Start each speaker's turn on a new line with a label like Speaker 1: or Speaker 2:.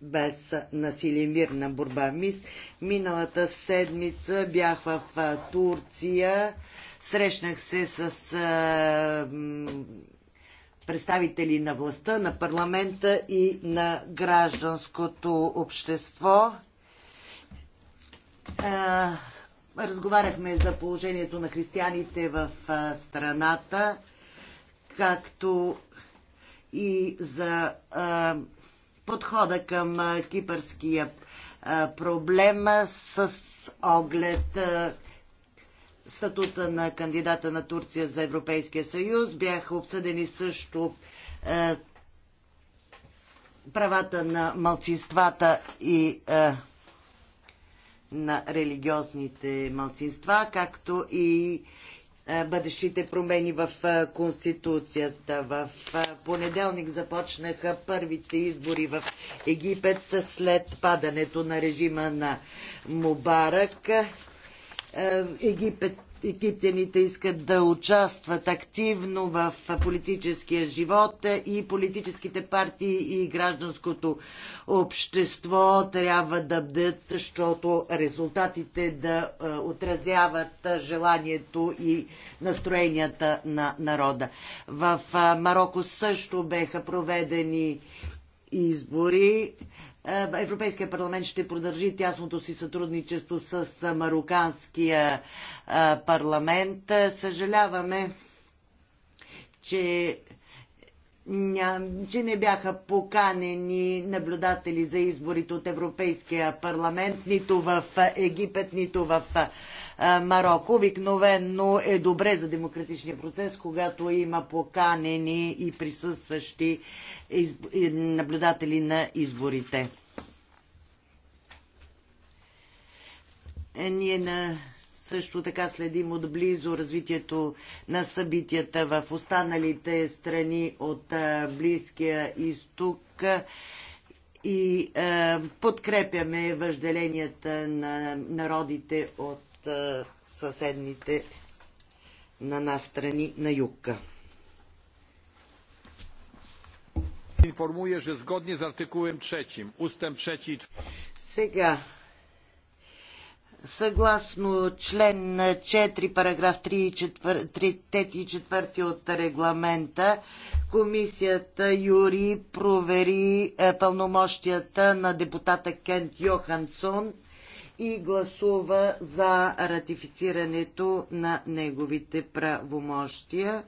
Speaker 1: без насилие, мирна борба. Мис, миналата седмица бях в Турция, срещнах се с а, представители на властта, на парламента и на гражданското общество. А, разговаряхме за положението на християните в а, страната, както и за подхода към кипърския проблем с оглед статута на кандидата на Турция за Европейския съюз. Бяха обсъдени също правата на малцинствата и на религиозните малцинства, както и бъдещите промени в Конституцията. В понеделник започнаха първите избори в Египет след падането на режима на Мубарак. Е, Египет египтяните искат да участват активно в политическия живот и политическите партии и гражданското общество трябва да бдят, защото резултатите да е, отразяват желанието и настроенията на народа. В е, Марокко също беха проведени избори. Е, Европейския парламент ще продължи тясното си сътрудничество с мароканския е, парламент. Съжаляваме, че ням, че не бяха поканени наблюдатели за изборите от Европейския парламент, нито в Египет, нито в Марокко. Обикновено е добре за демократичния процес, когато има поканени и присъстващи изб... наблюдатели на изборите. Е, ние на също така следим отблизо развитието на събитията в останалите страни от Близкия изток и подкрепяме въжделенията на народите от съседните на нас страни на юг. Информуя, че zgodnie с артикулем 3, ustęp 3 и 4. Сега съгласно член 4, параграф 3 и 4, 3 и 4 от регламента, комисията Юри провери е, пълномощията на депутата Кент Йохансон и гласува за ратифицирането на неговите правомощия.